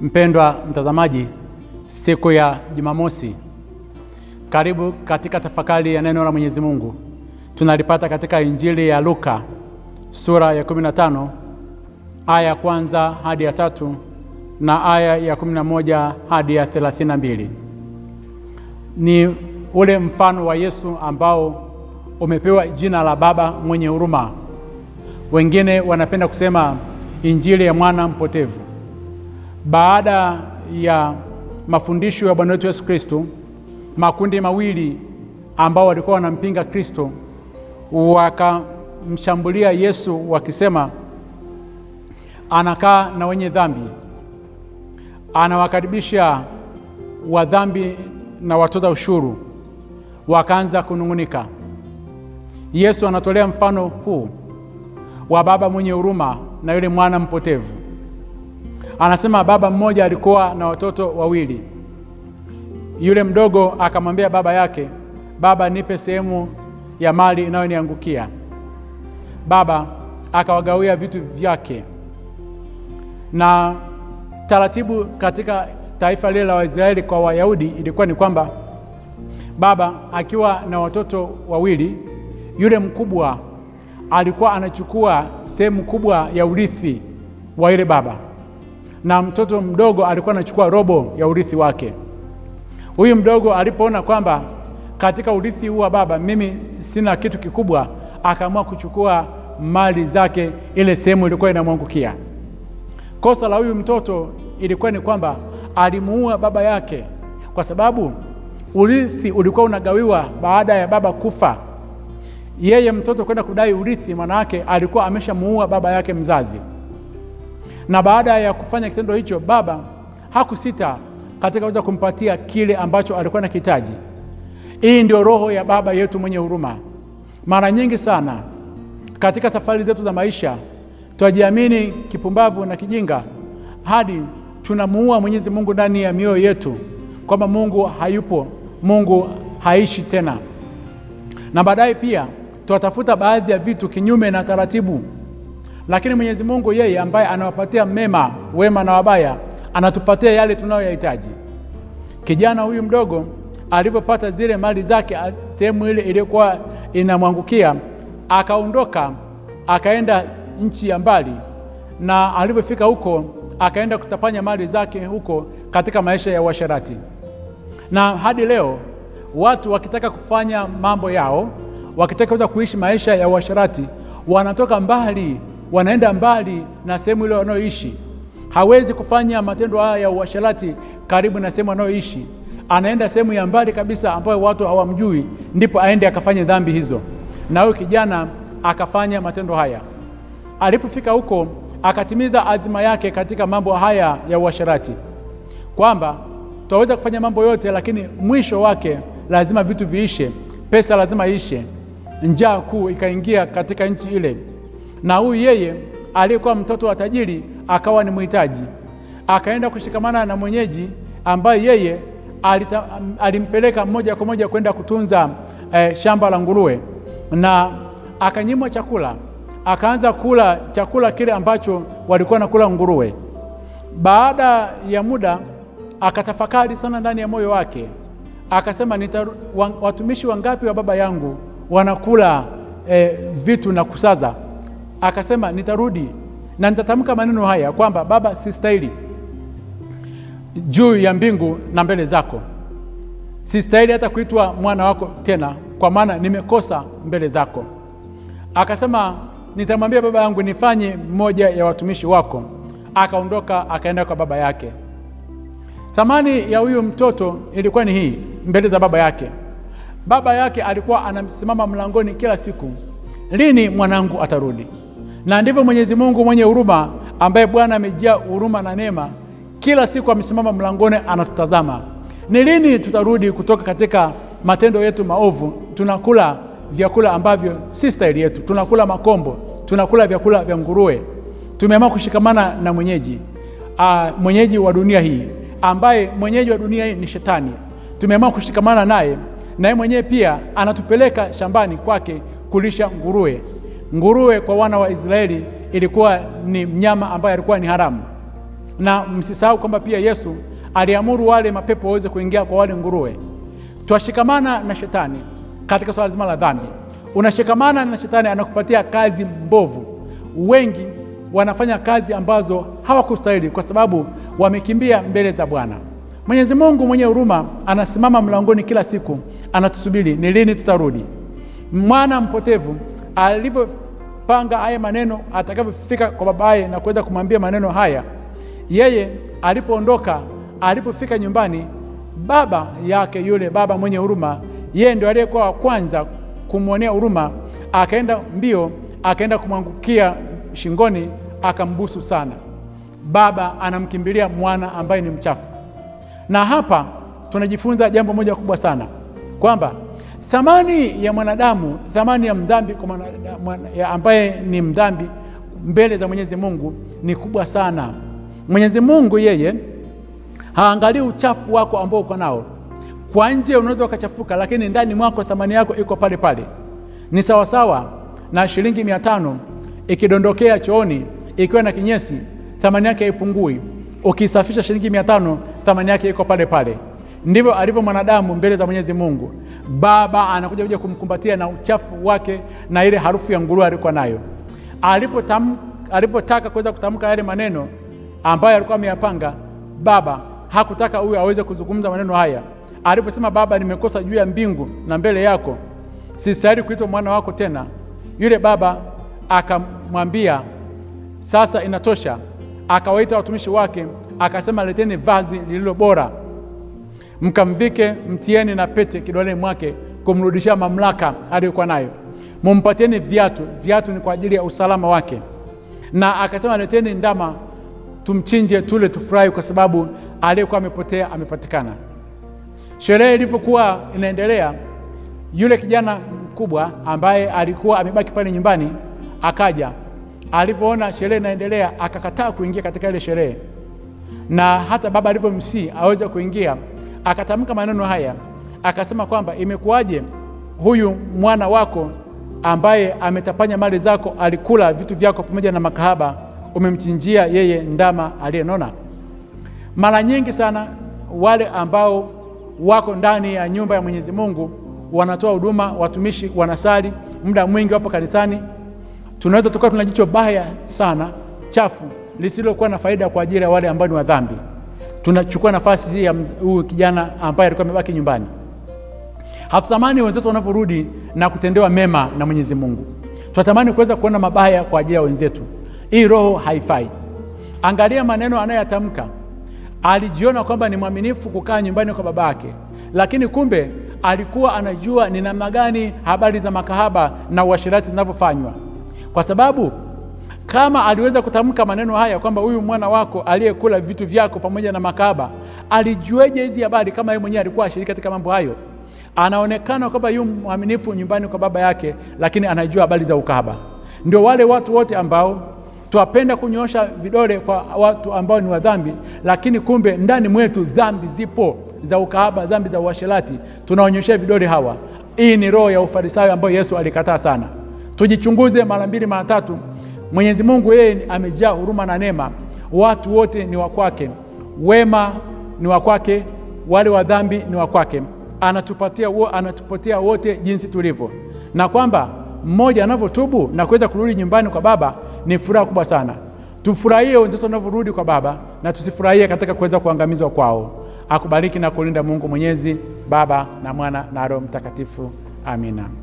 Mpendwa mtazamaji, siku ya Jumamosi, karibu katika tafakari ya neno la Mwenyezi Mungu. Tunalipata katika Injili ya Luka sura ya 15 aya ya kwanza hadi ya tatu na aya ya 11 hadi ya 32. Ni ule mfano wa Yesu ambao umepewa jina la Baba mwenye huruma. Wengine wanapenda kusema Injili ya mwana mpotevu. Baada ya mafundisho ya Bwana wetu Yesu Kristo, makundi mawili ambao walikuwa wanampinga Kristo wakamshambulia Yesu wakisema anakaa na wenye dhambi, anawakaribisha wadhambi na watoza ushuru. Wakaanza kunung'unika. Yesu anatolea mfano huu wa baba mwenye huruma na yule mwana mpotevu anasema baba mmoja alikuwa na watoto wawili. Yule mdogo akamwambia baba yake, baba, nipe sehemu ya mali inayoniangukia. Baba akawagawia vitu vyake. Na taratibu katika taifa lile la Waisraeli kwa Wayahudi ilikuwa ni kwamba baba akiwa na watoto wawili, yule mkubwa alikuwa anachukua sehemu kubwa ya urithi wa yule baba na mtoto mdogo alikuwa anachukua robo ya urithi wake. Huyu mdogo alipoona kwamba katika urithi huu wa baba mimi sina kitu kikubwa, akaamua kuchukua mali zake, ile sehemu ilikuwa inamwangukia. Kosa la huyu mtoto ilikuwa ni kwamba alimuua baba yake, kwa sababu urithi ulikuwa unagawiwa baada ya baba kufa. Yeye mtoto kwenda kudai urithi, maana yake alikuwa ameshamuua baba yake mzazi na baada ya kufanya kitendo hicho, baba hakusita katika kuweza kumpatia kile ambacho alikuwa anakihitaji. Hii ndio roho ya baba yetu mwenye huruma. Mara nyingi sana katika safari zetu za maisha twajiamini kipumbavu na kijinga hadi tunamuua Mwenyezi Mungu ndani ya mioyo yetu kwamba Mungu hayupo, Mungu haishi tena, na baadaye pia twatafuta baadhi ya vitu kinyume na taratibu lakini Mwenyezi Mungu yeye ambaye anawapatia mema, wema na wabaya, anatupatia yale tunayoyahitaji. Kijana huyu mdogo alipopata zile mali zake, sehemu ile iliyokuwa inamwangukia, akaondoka akaenda nchi ya mbali, na alipofika huko akaenda kutapanya mali zake huko katika maisha ya uasherati. Na hadi leo watu wakitaka kufanya mambo yao, wakitaka kuweza kuishi maisha ya uasherati, wanatoka mbali wanaenda mbali na sehemu ile wanayoishi. Hawezi kufanya matendo haya ya uasherati karibu na sehemu anayoishi anaenda sehemu ya mbali kabisa ambayo watu hawamjui, ndipo aende akafanye dhambi hizo. Na huyo kijana akafanya matendo haya. Alipofika huko, akatimiza adhima yake katika mambo haya ya uasherati, kwamba twaweza kufanya mambo yote, lakini mwisho wake lazima vitu viishe. Pesa lazima iishe. Njaa kuu ikaingia katika nchi ile na huyu yeye aliyekuwa mtoto wa tajiri akawa ni mhitaji, akaenda kushikamana na mwenyeji ambaye yeye alita, alimpeleka moja kwa moja kwenda kutunza eh, shamba la nguruwe, na akanyimwa chakula, akaanza kula chakula kile ambacho walikuwa nakula nguruwe. Baada ya muda akatafakari sana ndani ya moyo wake, akasema nita, watumishi wangapi wa baba yangu wanakula eh, vitu na kusaza akasema nitarudi na nitatamka maneno haya kwamba Baba, sistahili juu ya mbingu na mbele zako, sistahili hata kuitwa mwana wako tena, kwa maana nimekosa mbele zako. Akasema nitamwambia baba yangu, nifanye mmoja ya watumishi wako. Akaondoka akaenda kwa baba yake. Thamani ya huyu mtoto ilikuwa ni hii mbele za baba yake. Baba yake alikuwa anasimama mlangoni kila siku, lini mwanangu atarudi? Na ndivyo Mwenyezi Mungu mwenye huruma, ambaye Bwana amejaa huruma na neema, kila siku amesimama mlangoni anatutazama. Ni lini tutarudi kutoka katika matendo yetu maovu? Tunakula vyakula ambavyo si stahili yetu, tunakula makombo, tunakula vyakula vya nguruwe. Tumeamua kushikamana na mwenyeji aa, ah, mwenyeji wa dunia hii ambaye mwenyeji wa dunia hii ni Shetani. Tumeamua kushikamana naye, naye mwenyewe pia anatupeleka shambani kwake kulisha nguruwe. Nguruwe kwa wana wa Israeli ilikuwa ni mnyama ambaye alikuwa ni haramu, na msisahau kwamba pia Yesu aliamuru wale mapepo waweze kuingia kwa wale nguruwe. Twashikamana na shetani katika swala zima la dhambi. Unashikamana na shetani, anakupatia kazi mbovu. Wengi wanafanya kazi ambazo hawakustahili kwa sababu wamekimbia mbele za Bwana. Mwenyezi Mungu mwenye huruma anasimama mlangoni kila siku, anatusubiri ni lini tutarudi. Mwana mpotevu alivyopanga haya maneno, atakavyofika kwa babaye na kuweza kumwambia maneno haya, yeye alipoondoka, alipofika nyumbani, baba yake yule baba mwenye huruma, yeye ndio aliyekuwa wa kwanza kumwonea huruma, akaenda mbio, akaenda kumwangukia shingoni, akambusu sana. Baba anamkimbilia mwana ambaye ni mchafu. Na hapa tunajifunza jambo moja kubwa sana kwamba thamani ya mwanadamu, thamani ya mdhambi kwa mwanadamu ambaye ni mdhambi mbele za Mwenyezi Mungu ni kubwa sana. Mwenyezi Mungu yeye haangalii uchafu wako ambao uko nao kwa nje, unaweza ukachafuka, lakini ndani mwako thamani yako iko pale pale. Ni sawasawa na shilingi mia tano ikidondokea chooni ikiwa na kinyesi, thamani yake haipungui. Ukisafisha shilingi mia tano, thamani yake iko pale pale. Ndivyo alivyo mwanadamu mbele za Mwenyezi Mungu. Baba anakuja kuja kumkumbatia na uchafu wake na ile harufu ya nguruwe alikuwa nayo. alipotaka alipo kuweza kutamka yale maneno ambayo alikuwa ameyapanga, Baba hakutaka huyu aweze kuzungumza maneno haya. Aliposema, Baba, nimekosa juu ya mbingu na mbele yako, sistahili kuitwa mwana wako tena, yule baba akamwambia, sasa inatosha. Akawaita watumishi wake, akasema, leteni vazi lililo bora mkamvike mtieni na pete kidoleni mwake kumrudishia mamlaka aliyokuwa nayo, mumpatieni viatu. Viatu ni kwa ajili ya usalama wake. Na akasema leteni ndama tumchinje, tule, tufurahi, kwa sababu aliyekuwa amepotea amepatikana. Sherehe ilipokuwa inaendelea, yule kijana mkubwa ambaye alikuwa amebaki pale nyumbani akaja. Alivyoona sherehe inaendelea, akakataa kuingia katika ile sherehe, na hata baba alivyomsii aweze kuingia akatamka maneno haya akasema kwamba imekuwaje huyu mwana wako ambaye ametapanya mali zako, alikula vitu vyako pamoja na makahaba, umemchinjia yeye ndama aliyenona. Mara nyingi sana wale ambao wako ndani ya nyumba ya Mwenyezi Mungu wanatoa huduma, watumishi wanasali, muda mwingi wapo kanisani, tunaweza tukawa tuna jicho baya sana chafu lisilokuwa na faida kwa ajili ya wale ambao ni wadhambi tunachukua nafasi ya huyu kijana ambaye alikuwa amebaki nyumbani. Hatutamani wenzetu wanavyorudi na kutendewa mema na Mwenyezi Mungu, tunatamani kuweza kuona mabaya kwa ajili ya wenzetu. Hii roho haifai. Angalia maneno anayoyatamka. Alijiona kwamba ni mwaminifu kukaa nyumbani kwa baba lakini kumbe alikuwa anajua ni namna gani habari za makahaba na uasherati zinavyofanywa, kwa sababu kama aliweza kutamka maneno haya kwamba huyu mwana wako aliyekula vitu vyako pamoja na makaba, alijueje hizi habari kama yeye mwenyewe alikuwa ashiriki katika mambo hayo? Anaonekana kwamba yu mwaminifu nyumbani kwa baba yake, lakini anajua habari za ukahaba. Ndio wale watu wote ambao twapenda kunyoosha vidole kwa watu ambao ni wadhambi, lakini kumbe ndani mwetu dhambi zipo za ukahaba, dhambi za uasherati, tunaonyoshea vidole hawa. Hii ni roho ya Ufarisayo ambayo Yesu alikataa sana. Tujichunguze mara mbili mara tatu Mwenyezi Mungu yeye amejaa huruma na neema, watu wote ni wa kwake, wema ni wa kwake, wale wa dhambi ni wa kwake. Anatupatia, anatupatia wote jinsi tulivyo, na kwamba mmoja anavyotubu na kuweza kurudi nyumbani kwa Baba ni furaha kubwa sana. Tufurahie wenzetu wanavyorudi kwa Baba na tusifurahie katika kuweza kuangamizwa kwao. Akubariki na kulinda Mungu Mwenyezi, Baba na Mwana na Roho Mtakatifu. Amina.